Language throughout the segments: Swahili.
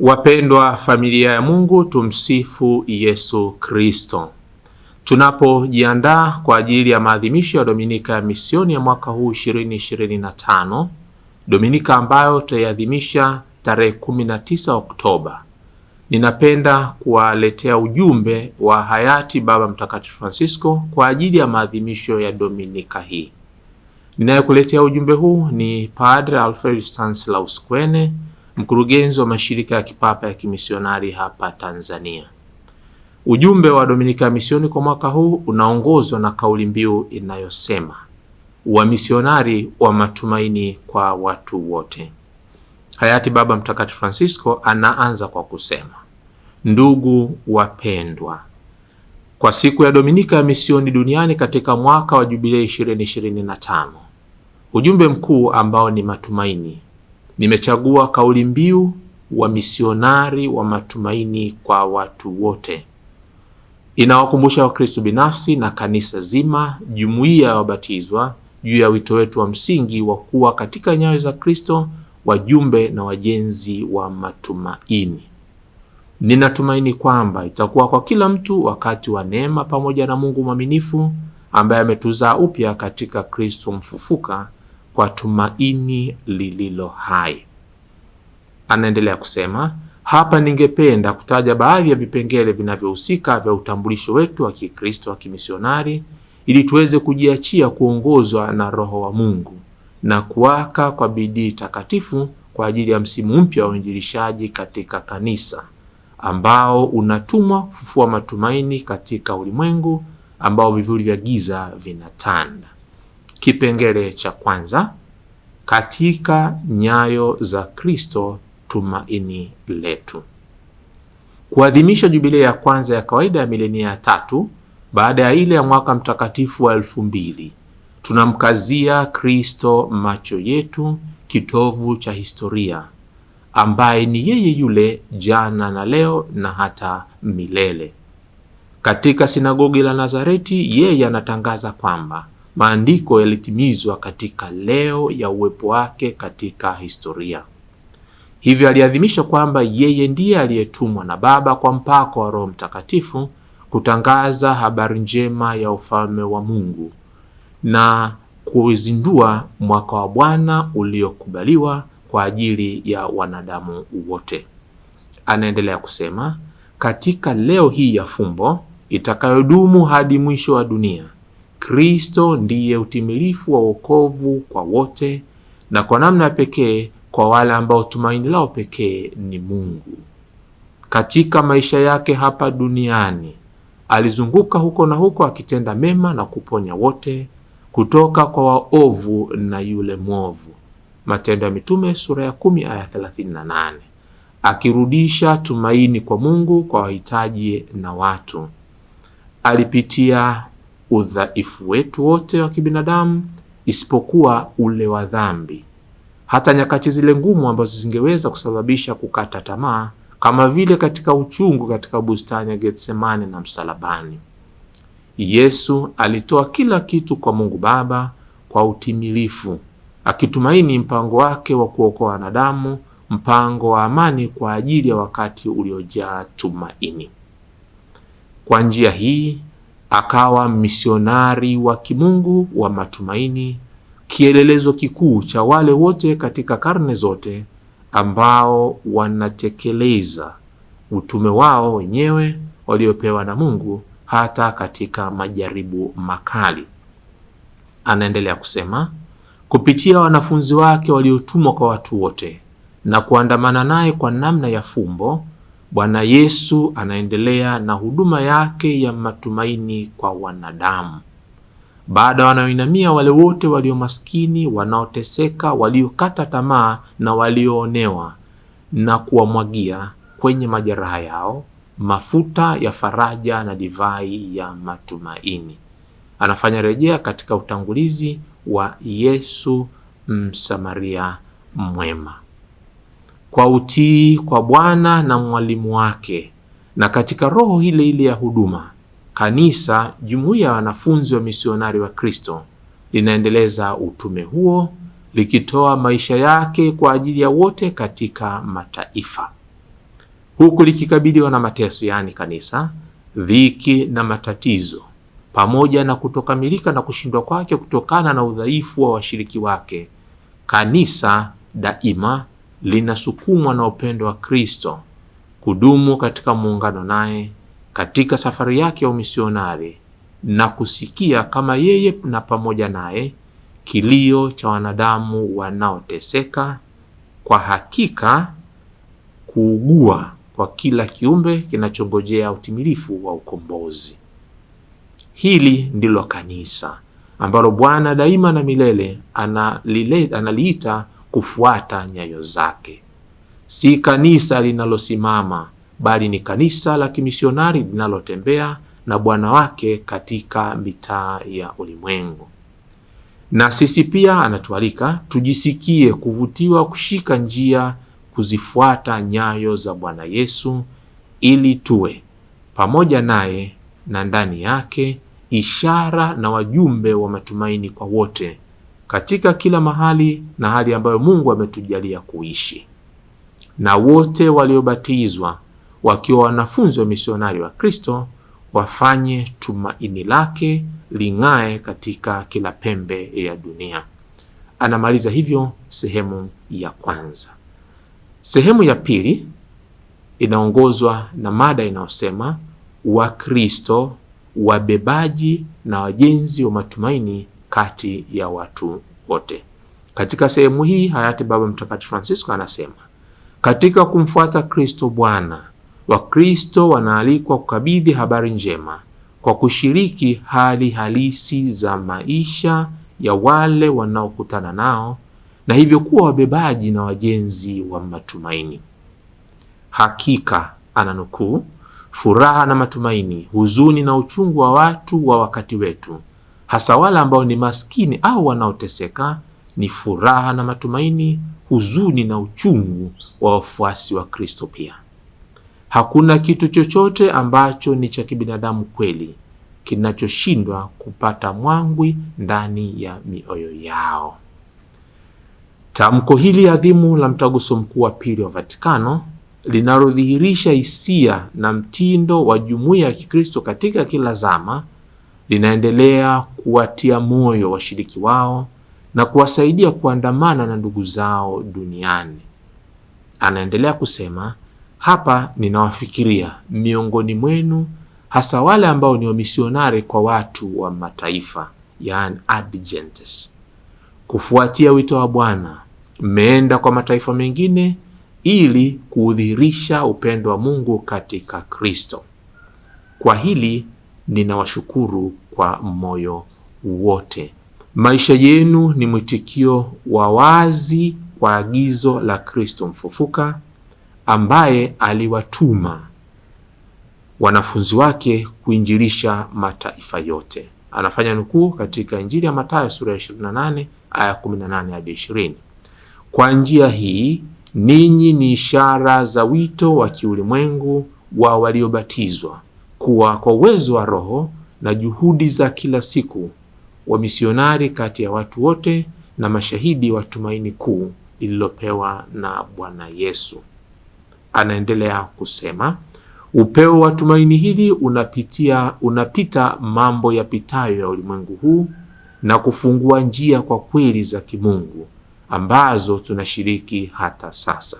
Wapendwa familia ya Mungu, tumsifu Yesu Kristo. Tunapojiandaa kwa ajili ya maadhimisho ya Dominika ya Misioni ya mwaka huu 2025, Dominika ambayo tutaiadhimisha tarehe 19 Oktoba, ninapenda kuwaletea ujumbe wa hayati Baba Mtakatifu Francisco kwa ajili ya maadhimisho ya Dominika hii. Ninayekuletea ujumbe huu ni Padre Alfred Stanislaus Kwene mkurugenzi wa mashirika ya kipapa ya kimisionari hapa Tanzania. Ujumbe wa Dominika ya Misioni kwa mwaka huu unaongozwa na kauli mbiu inayosema wamisionari wa matumaini kwa watu wote. Hayati Baba Mtakatifu Francisco anaanza kwa kusema, ndugu wapendwa, kwa siku ya Dominika ya Misioni duniani katika mwaka wa Jubilei 2025 ujumbe mkuu ambao ni matumaini Nimechagua kauli mbiu wa misionari wa matumaini kwa watu wote. Inawakumbusha Wakristo binafsi na kanisa zima, jumuiya ya wabatizwa juu ya wito wetu wa msingi wa kuwa katika nyayo za Kristo, wajumbe na wajenzi wa matumaini. Ninatumaini kwamba itakuwa kwa kila mtu wakati wa neema pamoja na Mungu mwaminifu ambaye ametuzaa upya katika Kristo mfufuka kwa tumaini lililo hai. Anaendelea kusema hapa, ningependa kutaja baadhi ya vipengele vinavyohusika vya utambulisho wetu wa Kikristo wa kimisionari ili tuweze kujiachia kuongozwa na Roho wa Mungu na kuwaka kwa bidii takatifu kwa ajili ya msimu mpya wa uinjilishaji katika kanisa ambao unatumwa kufufua matumaini katika ulimwengu ambao vivuli vya giza vinatanda. Kipengele cha kwanza: katika nyayo za Kristo tumaini letu. Kuadhimisha jubilei ya kwanza ya kawaida ya milenia ya tatu baada ya ile ya mwaka mtakatifu wa elfu mbili tunamkazia Kristo macho yetu, kitovu cha historia, ambaye ni yeye yule jana na leo na hata milele. Katika sinagogi la Nazareti, yeye anatangaza kwamba maandiko yalitimizwa katika leo ya uwepo wake katika historia. Hivyo aliadhimisha kwamba yeye ndiye aliyetumwa na Baba kwa mpako wa Roho Mtakatifu kutangaza habari njema ya ufalme wa Mungu na kuzindua mwaka wa Bwana uliokubaliwa kwa ajili ya wanadamu wote. Anaendelea kusema, katika leo hii ya fumbo itakayodumu hadi mwisho wa dunia Kristo ndiye utimilifu wa wokovu kwa wote na kwa namna pekee kwa wale ambao tumaini lao pekee ni Mungu. Katika maisha yake hapa duniani alizunguka huko na huko akitenda mema na kuponya wote kutoka kwa waovu na yule mwovu, Matendo ya Mitume sura ya kumi aya na nane, akirudisha tumaini kwa Mungu kwa wahitaji na watu. Alipitia udhaifu wetu wote wa kibinadamu isipokuwa ule wa dhambi, hata nyakati zile ngumu ambazo zingeweza kusababisha kukata tamaa, kama vile katika uchungu katika bustani ya Getsemane na msalabani. Yesu alitoa kila kitu kwa Mungu Baba kwa utimilifu, akitumaini mpango wake wa kuokoa wanadamu, mpango wa amani kwa ajili ya wakati uliojaa tumaini. Kwa njia hii akawa misionari wa kimungu wa matumaini, kielelezo kikuu cha wale wote katika karne zote ambao wanatekeleza utume wao wenyewe waliopewa na Mungu hata katika majaribu makali. Anaendelea kusema, kupitia wanafunzi wake waliotumwa kwa watu wote na kuandamana naye kwa namna ya fumbo Bwana Yesu anaendelea na huduma yake ya matumaini kwa wanadamu. Baada ya wanaoinamia wale wote walio maskini, wanaoteseka, waliokata tamaa na walioonewa, na kuwamwagia kwenye majeraha yao mafuta ya faraja na divai ya matumaini. Anafanya rejea katika utangulizi wa Yesu Msamaria mwema kwa utii kwa Bwana na mwalimu wake, na katika roho ile ile ya huduma, kanisa, jumuiya ya wanafunzi wa misionari wa Kristo, linaendeleza utume huo likitoa maisha yake kwa ajili ya wote katika mataifa, huku likikabiliwa na mateso, yaani kanisa, dhiki na matatizo, pamoja na kutokamilika na kushindwa kwake kutokana na udhaifu wa washiriki wake. Kanisa daima linasukumwa na upendo wa Kristo kudumu katika muungano naye katika safari yake ya umisionari na kusikia kama yeye na pamoja naye kilio cha wanadamu wanaoteseka, kwa hakika kuugua kwa kila kiumbe kinachongojea utimilifu wa ukombozi. Hili ndilo kanisa ambalo Bwana daima na milele analiita kufuata nyayo zake. Si kanisa linalosimama, bali ni kanisa la kimisionari linalotembea na Bwana wake katika mitaa ya ulimwengu. Na sisi pia anatualika tujisikie kuvutiwa kushika njia, kuzifuata nyayo za Bwana Yesu ili tuwe pamoja naye na ndani yake ishara na wajumbe wa matumaini kwa wote katika kila mahali na hali ambayo Mungu ametujalia kuishi. Na wote waliobatizwa wakiwa wanafunzi wa misionari wa Kristo wafanye tumaini lake ling'ae katika kila pembe ya dunia. Anamaliza hivyo sehemu ya kwanza. Sehemu ya pili inaongozwa na mada inayosema Wakristo wabebaji na wajenzi wa matumaini kati ya watu wote. Katika sehemu hii hayati Baba Mtakatifu Francisco anasema katika kumfuata Kristo Bwana, Wakristo wanaalikwa kukabidhi habari njema kwa kushiriki hali halisi za maisha ya wale wanaokutana nao na hivyo kuwa wabebaji na wajenzi wa matumaini. Hakika ananukuu, furaha na matumaini, huzuni na uchungu wa watu wa wakati wetu hasa wale ambao ni maskini au wanaoteseka, ni furaha na matumaini, huzuni na uchungu wa wafuasi wa Kristo pia. Hakuna kitu chochote ambacho ni cha kibinadamu kweli kinachoshindwa kupata mwangwi ndani ya mioyo yao. Tamko hili adhimu la Mtaguso Mkuu wa Pili wa Vatikano linalodhihirisha hisia na mtindo wa jumuiya ya Kikristo katika kila zama linaendelea kuwatia moyo washiriki wao na kuwasaidia kuandamana na ndugu zao duniani. Anaendelea kusema, hapa ninawafikiria miongoni mwenu, hasa wale ambao ni wamisionari kwa watu wa mataifa, yani ad gentes. Kufuatia wito wa Bwana, mmeenda kwa mataifa mengine ili kuudhihirisha upendo wa Mungu katika Kristo. Kwa hili ninawashukuru kwa moyo wote. Maisha yenu ni mwitikio wa wazi kwa agizo la Kristo mfufuka ambaye aliwatuma wanafunzi wake kuinjilisha mataifa yote. Anafanya nukuu katika Injili ya Mathayo sura ya 28 aya 18 hadi 20. Kwa njia hii ninyi ni ishara za wito wa kiulimwengu wa waliobatizwa kuwa kwa uwezo wa Roho na juhudi za kila siku, wa misionari kati ya watu wote na mashahidi wa tumaini kuu lililopewa na Bwana Yesu. Anaendelea kusema upeo wa tumaini hili unapitia, unapita mambo yapitayo ya ulimwengu huu na kufungua njia kwa kweli za kimungu ambazo tunashiriki hata sasa.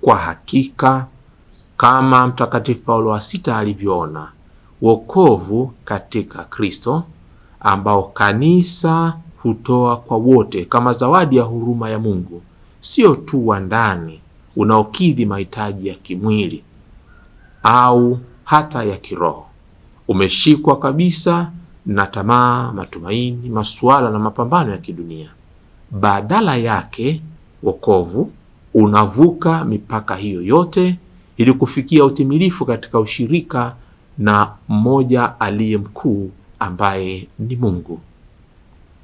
Kwa hakika kama Mtakatifu Paulo wa Sita alivyoona wokovu katika Kristo ambao kanisa hutoa kwa wote kama zawadi ya huruma ya Mungu, sio tu wa ndani unaokidhi mahitaji ya kimwili au hata ya kiroho, umeshikwa kabisa na tamaa, matumaini, masuala na mapambano ya kidunia. Badala yake wokovu unavuka mipaka hiyo yote ili kufikia utimilifu katika ushirika na mmoja aliye mkuu ambaye ni Mungu.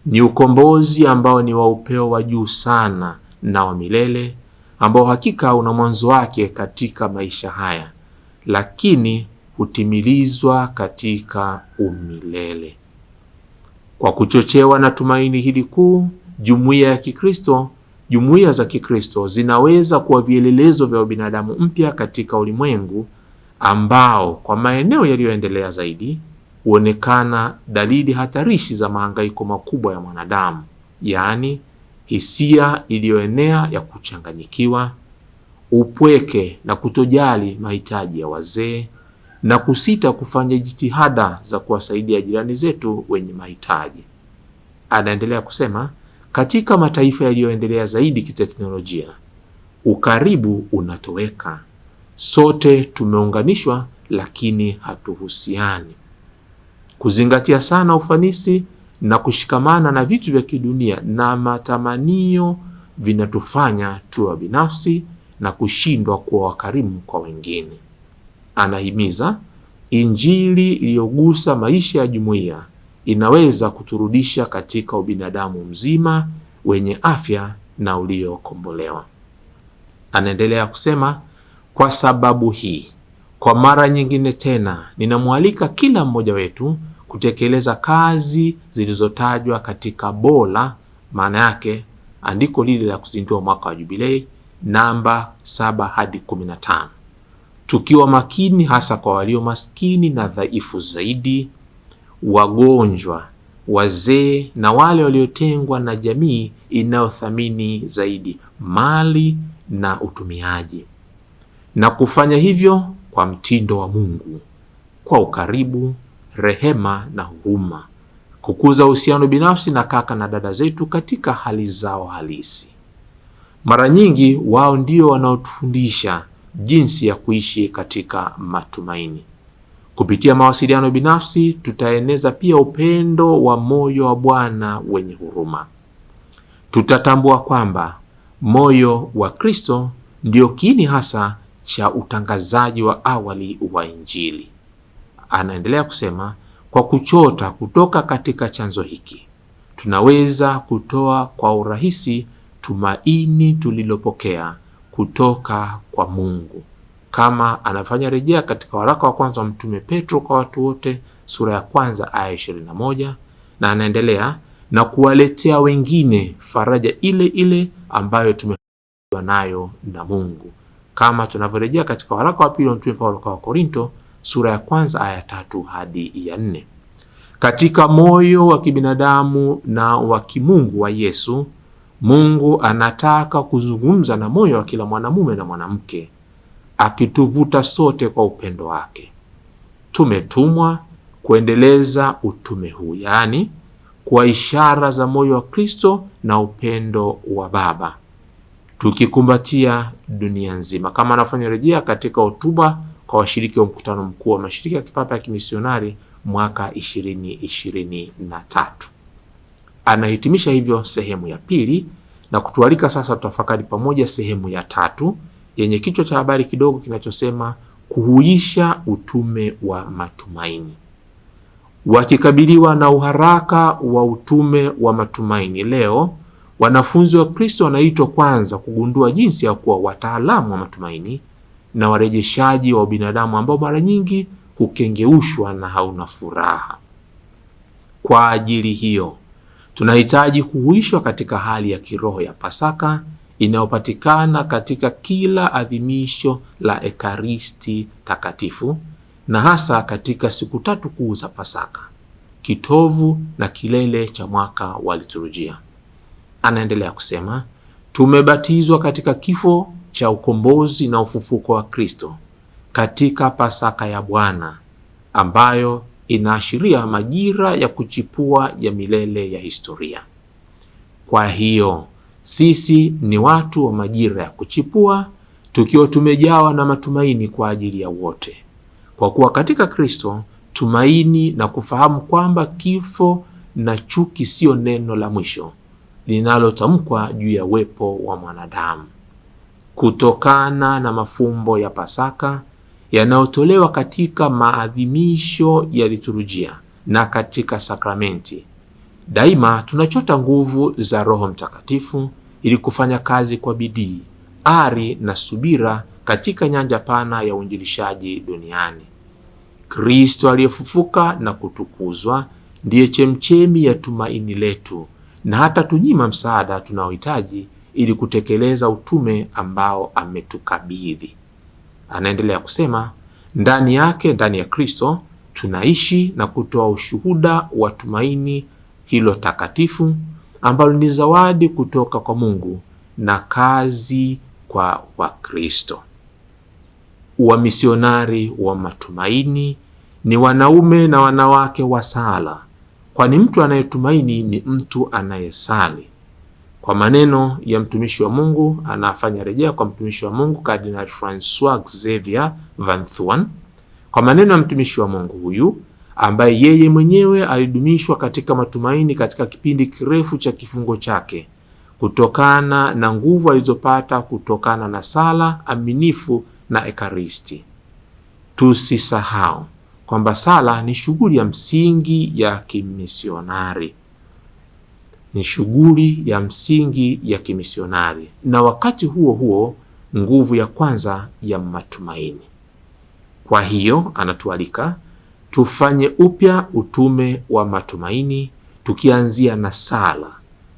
Ni ukombozi ambao ni wa upeo wa juu sana na wa milele ambao hakika una mwanzo wake katika maisha haya, lakini hutimilizwa katika umilele. Kwa kuchochewa na tumaini hili kuu, jumuiya ya Kikristo Jumuiya za Kikristo zinaweza kuwa vielelezo vya binadamu mpya katika ulimwengu ambao kwa maeneo yaliyoendelea zaidi huonekana dalili hatarishi za mahangaiko makubwa ya mwanadamu, yaani hisia iliyoenea ya kuchanganyikiwa, upweke na kutojali mahitaji ya wazee na kusita kufanya jitihada za kuwasaidia jirani zetu wenye mahitaji. Anaendelea kusema katika mataifa yaliyoendelea zaidi kiteknolojia, ukaribu unatoweka. Sote tumeunganishwa, lakini hatuhusiani. Kuzingatia sana ufanisi na kushikamana na vitu vya kidunia na matamanio vinatufanya tuwa binafsi na kushindwa kuwa wakarimu kwa wengine. Anahimiza Injili iliyogusa maisha ya jumuiya inaweza kuturudisha katika ubinadamu mzima wenye afya na uliokombolewa. Anaendelea kusema, kwa sababu hii, kwa mara nyingine tena, ninamwalika kila mmoja wetu kutekeleza kazi zilizotajwa katika BOLA, maana yake andiko lile la kuzindua mwaka wa Jubilei namba 7 hadi 15, tukiwa makini hasa kwa walio maskini na dhaifu zaidi wagonjwa, wazee na wale waliotengwa na jamii inayothamini zaidi mali na utumiaji, na kufanya hivyo kwa mtindo wa Mungu, kwa ukaribu, rehema na huruma, kukuza uhusiano binafsi na kaka na dada zetu katika hali zao halisi. Mara nyingi wao ndio wanaotufundisha jinsi ya kuishi katika matumaini. Kupitia mawasiliano binafsi, tutaeneza pia upendo wa moyo wa Bwana wenye huruma. Tutatambua kwamba moyo wa Kristo ndio kiini hasa cha utangazaji wa awali wa Injili. Anaendelea kusema, kwa kuchota kutoka katika chanzo hiki tunaweza kutoa kwa urahisi tumaini tulilopokea kutoka kwa Mungu kama anafanya rejea katika waraka wa kwanza wa Mtume Petro kwa watu wote sura ya kwanza aya 21, na anaendelea na kuwaletea wengine faraja ile ile ambayo tumewa nayo na Mungu, kama tunavyorejea katika waraka wa pili wa Mtume Paulo kwa Wakorinto sura ya kwanza aya tatu hadi ya nne. Katika moyo wa kibinadamu na wa kimungu wa Yesu, Mungu anataka kuzungumza na moyo wa kila mwanamume na mwanamke akituvuta sote kwa upendo wake. Tumetumwa kuendeleza utume huu, yaani kwa ishara za moyo wa Kristo na upendo wa Baba, tukikumbatia dunia nzima, kama anafanya rejea katika hotuba kwa washiriki wa mkutano mkuu wa mashirika ya kipapa ya kimisionari mwaka 2023. Anahitimisha hivyo sehemu ya pili na kutualika sasa tutafakari pamoja sehemu ya tatu yenye kichwa cha habari kidogo kinachosema kuhuisha utume wa matumaini. Wakikabiliwa na uharaka wa utume wa matumaini leo, wanafunzi wa Kristo wanaitwa kwanza kugundua jinsi ya kuwa wataalamu wa matumaini na warejeshaji wa binadamu ambao mara nyingi hukengeushwa na hauna furaha. Kwa ajili hiyo, tunahitaji kuhuishwa katika hali ya kiroho ya Pasaka inayopatikana katika kila adhimisho la Ekaristi Takatifu na hasa katika siku tatu kuu za Pasaka, kitovu na kilele cha mwaka wa liturujia. Anaendelea kusema, tumebatizwa katika kifo cha ukombozi na ufufuko wa Kristo katika Pasaka ya Bwana ambayo inaashiria majira ya kuchipua ya milele ya historia. Kwa hiyo sisi ni watu wa majira ya kuchipua, tukiwa tumejawa na matumaini kwa ajili ya wote, kwa kuwa katika Kristo tumaini na kufahamu kwamba kifo na chuki siyo neno la mwisho linalotamkwa juu ya uwepo wa mwanadamu. Kutokana na mafumbo ya Pasaka yanayotolewa katika maadhimisho ya liturujia na katika sakramenti Daima tunachota nguvu za Roho Mtakatifu ili kufanya kazi kwa bidii, ari na subira katika nyanja pana ya uinjilishaji duniani. Kristo aliyefufuka na kutukuzwa ndiye chemchemi ya tumaini letu na hata tunyima msaada tunaohitaji ili kutekeleza utume ambao ametukabidhi. Anaendelea kusema, ndani yake, ndani ya Kristo tunaishi na kutoa ushuhuda wa tumaini hilo takatifu ambalo ni zawadi kutoka kwa Mungu na kazi kwa Wakristo. Wamisionari wa matumaini ni wanaume na wanawake wa sala, kwani mtu anayetumaini ni mtu anayesali. Kwa maneno ya mtumishi wa Mungu, anafanya rejea kwa mtumishi wa Mungu Kardinali Francois Xavier Van Thuan. Kwa maneno ya mtumishi wa Mungu huyu ambaye yeye mwenyewe alidumishwa katika matumaini katika kipindi kirefu cha kifungo chake kutokana na nguvu alizopata kutokana na sala aminifu na Ekaristi. Tusisahau kwamba sala ni shughuli ya msingi ya kimisionari, ni shughuli ya msingi ya kimisionari, na wakati huo huo nguvu ya kwanza ya matumaini. Kwa hiyo anatualika tufanye upya utume wa matumaini tukianzia na sala,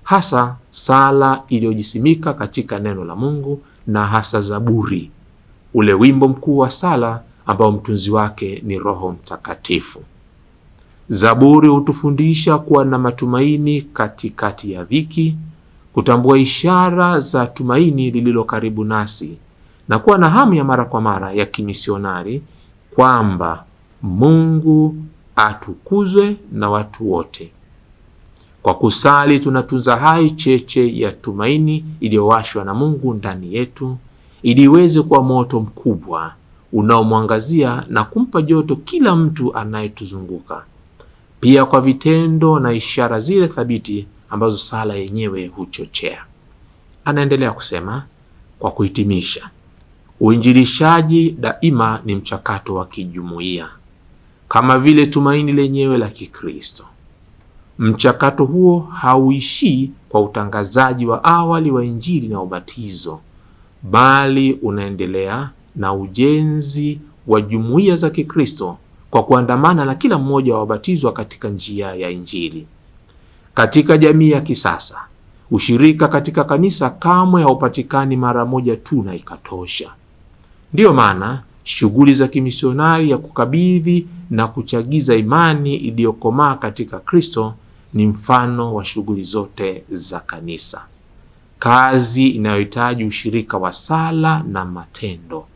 hasa sala iliyojisimika katika neno la Mungu na hasa Zaburi, ule wimbo mkuu wa sala ambao mtunzi wake ni Roho Mtakatifu. Zaburi hutufundisha kuwa na matumaini katikati ya dhiki, kutambua ishara za tumaini lililo karibu nasi na kuwa na hamu ya mara kwa mara ya kimisionari kwamba Mungu atukuzwe na watu wote. Kwa kusali tunatunza hai cheche ya tumaini iliyowashwa na Mungu ndani yetu ili iweze kuwa moto mkubwa unaomwangazia na kumpa joto kila mtu anayetuzunguka, pia kwa vitendo na ishara zile thabiti ambazo sala yenyewe huchochea. Anaendelea kusema kwa kuhitimisha, uinjilishaji daima ni mchakato wa kijumuiya kama vile tumaini lenyewe la Kikristo. Mchakato huo hauishii kwa utangazaji wa awali wa Injili na ubatizo, bali unaendelea na ujenzi wa jumuiya za Kikristo kwa kuandamana na kila mmoja wa wabatizwa katika njia ya Injili. Katika jamii ya kisasa, ushirika katika kanisa kamwe haupatikani mara moja tu na ikatosha. Ndiyo maana shughuli za kimisionari ya kukabidhi na kuchagiza imani iliyokomaa katika Kristo ni mfano wa shughuli zote za kanisa, kazi inayohitaji ushirika wa sala na matendo.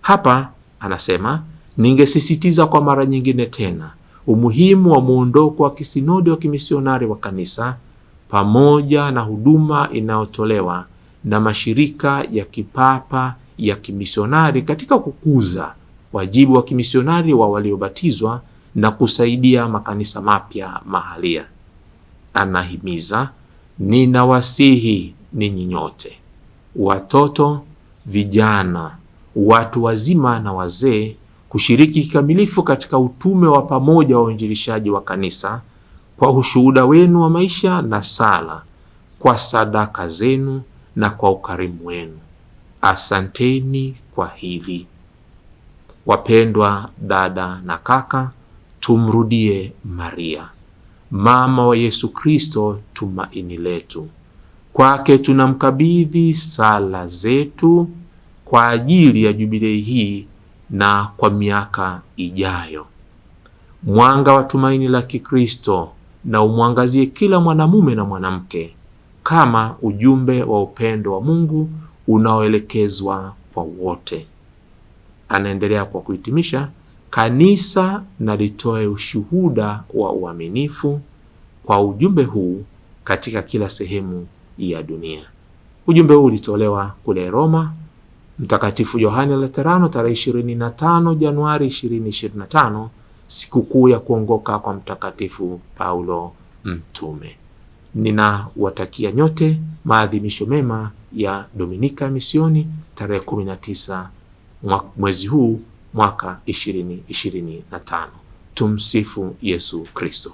Hapa anasema, ningesisitiza kwa mara nyingine tena umuhimu wa muondoko wa kisinodi wa kimisionari wa kanisa pamoja na huduma inayotolewa na mashirika ya kipapa ya kimisionari katika kukuza wajibu wa kimisionari wa waliobatizwa na kusaidia makanisa mapya mahalia. Anahimiza, ninawasihi ninyi nyote, watoto, vijana, watu wazima na wazee, kushiriki kikamilifu katika utume wa pamoja wa uinjilishaji wa kanisa kwa ushuhuda wenu wa maisha na sala, kwa sadaka zenu na kwa ukarimu wenu. Asanteni kwa hili. Wapendwa dada na kaka, tumrudie Maria mama wa Yesu Kristo, tumaini letu. Kwake tunamkabidhi sala zetu kwa ajili ya jubilei hii na kwa miaka ijayo. Mwanga wa tumaini la Kikristo na umwangazie kila mwanamume na mwanamke kama ujumbe wa upendo wa Mungu unaoelekezwa kwa wote. Anaendelea kwa kuhitimisha, kanisa na litoe ushuhuda wa uaminifu kwa ujumbe huu katika kila sehemu ya dunia. Ujumbe huu ulitolewa kule Roma, Mtakatifu Yohane Laterano tarehe 25 Januari 2025, sikukuu ya kuongoka kwa Mtakatifu Paulo Mtume. Ninawatakia nyote maadhimisho mema ya Dominika Misioni tarehe 19 mwezi huu mwaka 2025. Tumsifu Yesu Kristo.